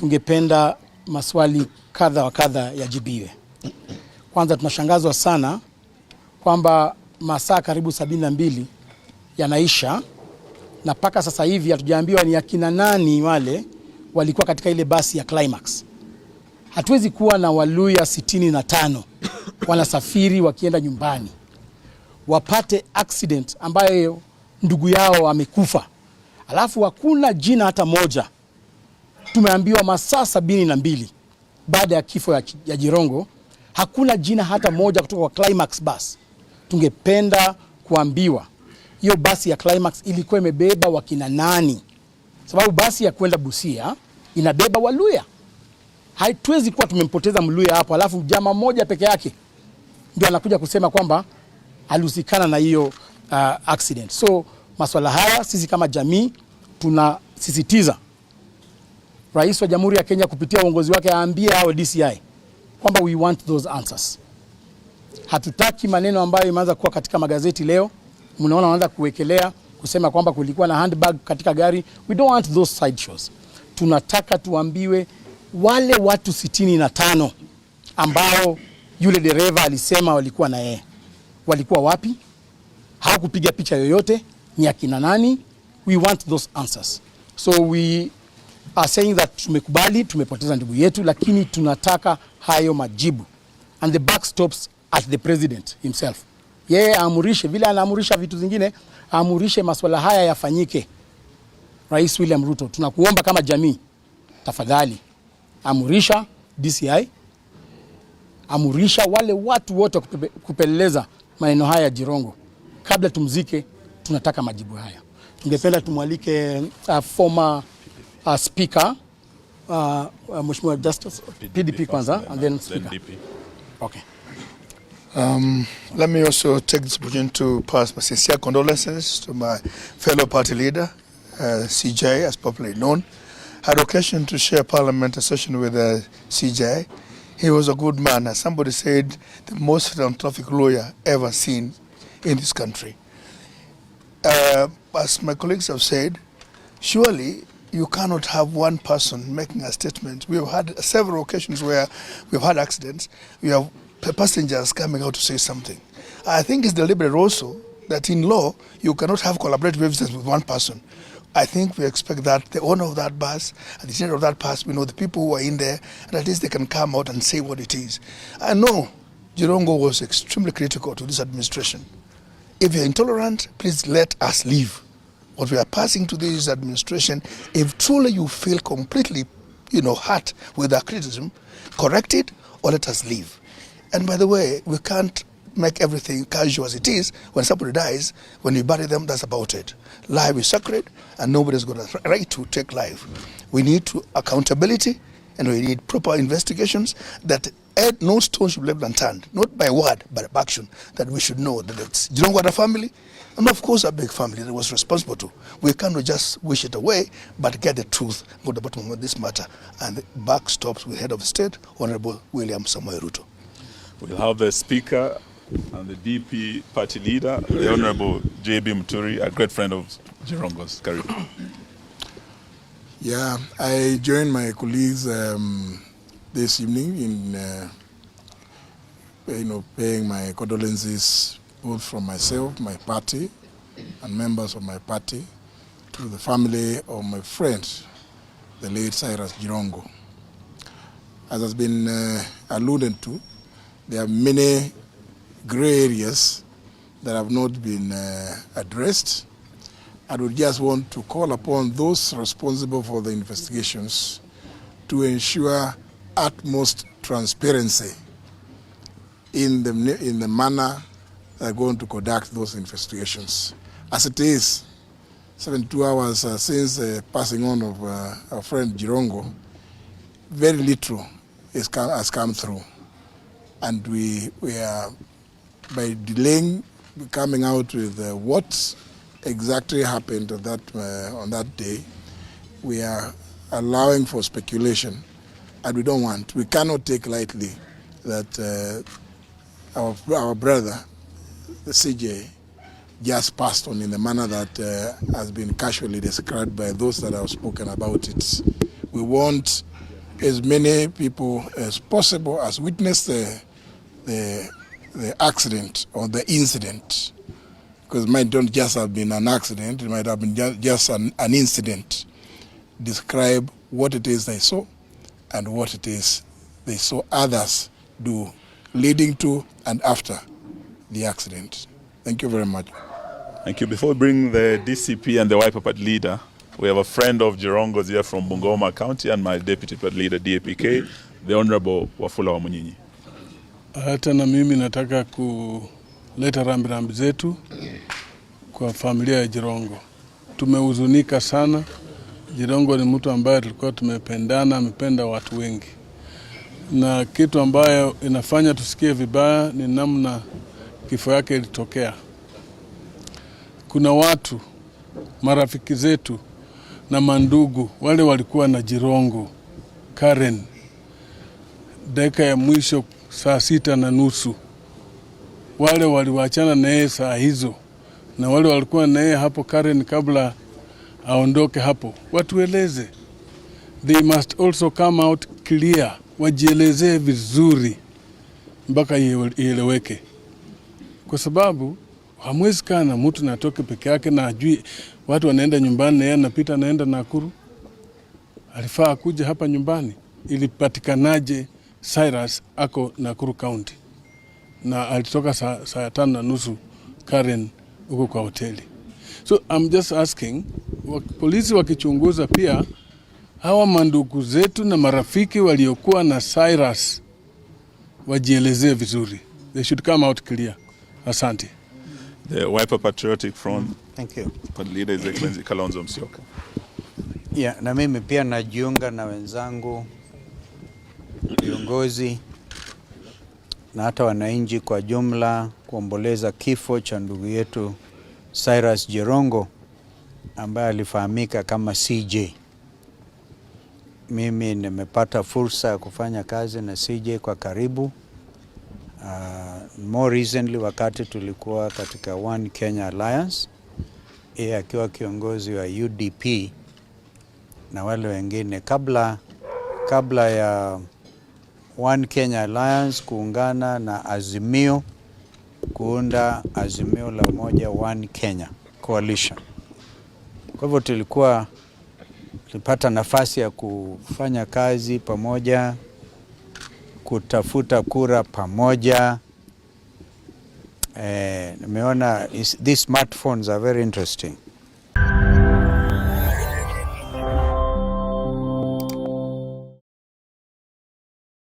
tungependa maswali kadha wa kadha yajibiwe. Kwanza, tunashangazwa sana kwamba masaa karibu sabini na mbili yanaisha na mpaka sasa hivi hatujaambiwa ni akina nani wale walikuwa katika ile basi ya Climax. Hatuwezi kuwa na Waluya sitini na tano wanasafiri wakienda nyumbani wapate accident ambayo ndugu yao amekufa, alafu hakuna jina hata moja Tumeambiwa masaa sabini na mbili baada ya kifo ya, ya Jirongo hakuna jina hata moja kutoka kwa Climax bus. Tungependa kuambiwa hiyo basi ya Climax ilikuwa imebeba wakina nani, sababu basi ya kwenda Busia inabeba Waluya. Haituwezi kuwa tumempoteza Mluya hapo, alafu jama moja peke yake ndio anakuja kusema kwamba alihusikana na hiyo uh, accident. So maswala haya sisi kama jamii tunasisitiza Rais wa Jamhuri ya Kenya kupitia uongozi wake aambie hao DCI kwamba we want those answers. Hatutaki maneno ambayo imeanza kuwa katika magazeti leo, mnaona wanaanza kuwekelea kusema kwamba kulikuwa na handbag katika gari. We don't want those side shows. Tunataka tuambiwe wale watu sitini na tano ambao yule dereva alisema walikuwa na yeye walikuwa wapi? Hawakupiga picha yoyote, ni akina nani? We want those answers so we are ah, saying that tumekubali tumepoteza ndugu yetu, lakini tunataka hayo majibu and the buck stops at the president himself. Yeye aamurishe vile anaamurisha vitu zingine, aamurishe masuala haya yafanyike. Rais William Ruto, tunakuomba kama jamii, tafadhali amurisha DCI, amurisha wale watu wote kupeleleza maneno haya ya Jirongo kabla tumzike. Tunataka majibu haya. Tungependa tumwalike uh, former uh, speaker uh, uh, Mheshimiwa Justice PDP kwanza and then speaker. Then DP. Okay. Um, let me also take this opportunity to pass my sincere condolences to my fellow party leader, uh, CJ, as popularly known. I had occasion to share parliament a session with uh, CJ. He was a good man, as somebody said, the most philanthropic lawyer ever seen in this country. Uh, as my colleagues have said, surely you cannot have one person making a statement. We have had several occasions where we've had accidents. We have passengers coming out to say something. I think it's deliberate also that in law, you cannot have collaborative evidence with one person. I think we expect that the owner of that bus and the general of that bus, we know the people who are in there, and at least they can come out and say what it is. I know Jirongo was extremely critical to this administration. If you're intolerant, please let us leave what we are passing to this administration, if truly you feel completely, you know, hurt with our criticism, correct it or let us leave. And by the way, we can't make everything casual as it is. When somebody dies, when you bury them, that's about it. Life is sacred and nobody's got a right to take life. We need to accountability and we need proper investigations that add no stone should be left unturned, not by word, but by action, that we should know that it's Jirongwata family, and of course a big family that was responsible to. We cannot just wish it away, but get the truth to the bottom of this matter. And back stops with head of state, Honorable William Samoei Ruto. We'll have the speaker and the DP party leader, the Honorable J.B. Muturi, a great friend of Jirongo's. career. Yeah, I joined my colleagues um, this evening in uh, you know, paying my condolences both from myself, my party, and members of my party to the family of my friend, the late Cyrus Jirongo. As has been uh, alluded to, there are many gray areas that have not been uh, addressed and we just want to call upon those responsible for the investigations to ensure utmost transparency in the, in the manner they going to conduct those investigations. As it is, 72 hours uh, since the uh, passing on of uh, our friend Jirongo, very little is come, has come through. And we, we are, by delaying coming out with uh, what exactly happened that, uh, on that day, we are allowing for speculation and we don't want, we cannot take lightly that uh, our, our brother, the CJ, just passed on in the manner that uh, has been casually described by those that have spoken about it. We want as many people as possible as witnessed the, the, the accident or the incident because it might not just have been an accident, it might have been just an, an incident. Describe what it is they saw and what it is they saw others do leading to and after the accident. Thank you very much. Thank you. Before we bring the DCP and the YPAPAT leader, we have a friend of Jirongo's here from Bungoma County and my deputy PAT leader DAPK, the Honorable Wafula Wamunyinyi. Hata na mimi nataka ku leta rambirambi zetu kwa familia ya Jirongo. Tumehuzunika sana. Jirongo ni mtu ambaye tulikuwa tumependana, amependa watu wengi, na kitu ambayo inafanya tusikie vibaya ni namna kifo yake ilitokea. Kuna watu marafiki zetu na mandugu wale walikuwa na Jirongo Karen, dakika ya mwisho saa sita na nusu wale waliwachana naye saa hizo na wale walikuwa naye hapo Karen kabla aondoke hapo, watueleze. They must also come out clear, wajielezee vizuri mpaka ieleweke, kwa sababu hamwezi kaa na mtu natoke peke yake na ajui watu wanaenda nyumbani na yeye anapita anaenda Nakuru. Alifaa kuja hapa nyumbani, ilipatikanaje Cyrus ako Nakuru County? na alitoka saa, saa tano na nusu Karen huko kwa hoteli. So I'm just asking polisi wakichunguza pia hawa mandugu zetu na marafiki waliokuwa na Cyrus wajielezee vizuri. They should come out clear. Asante. The Wiper Patriotic Front. Thank you. Leader is Excellency Kalonzo Musyoka. Yeah, na mimi pia najiunga na wenzangu viongozi na hata wananchi kwa jumla kuomboleza kifo cha ndugu yetu Cyrus Jirongo ambaye alifahamika kama CJ. Mimi nimepata fursa ya kufanya kazi na CJ kwa karibu. Uh, more recently wakati tulikuwa katika One Kenya Alliance, yeye akiwa kiongozi wa UDP na wale wengine kabla kabla ya One Kenya Alliance kuungana na Azimio kuunda Azimio la Umoja One Kenya Coalition. Kwa hivyo tulikuwa tulipata nafasi ya kufanya kazi pamoja, kutafuta kura pamoja. Eh, nimeona these smartphones are very interesting.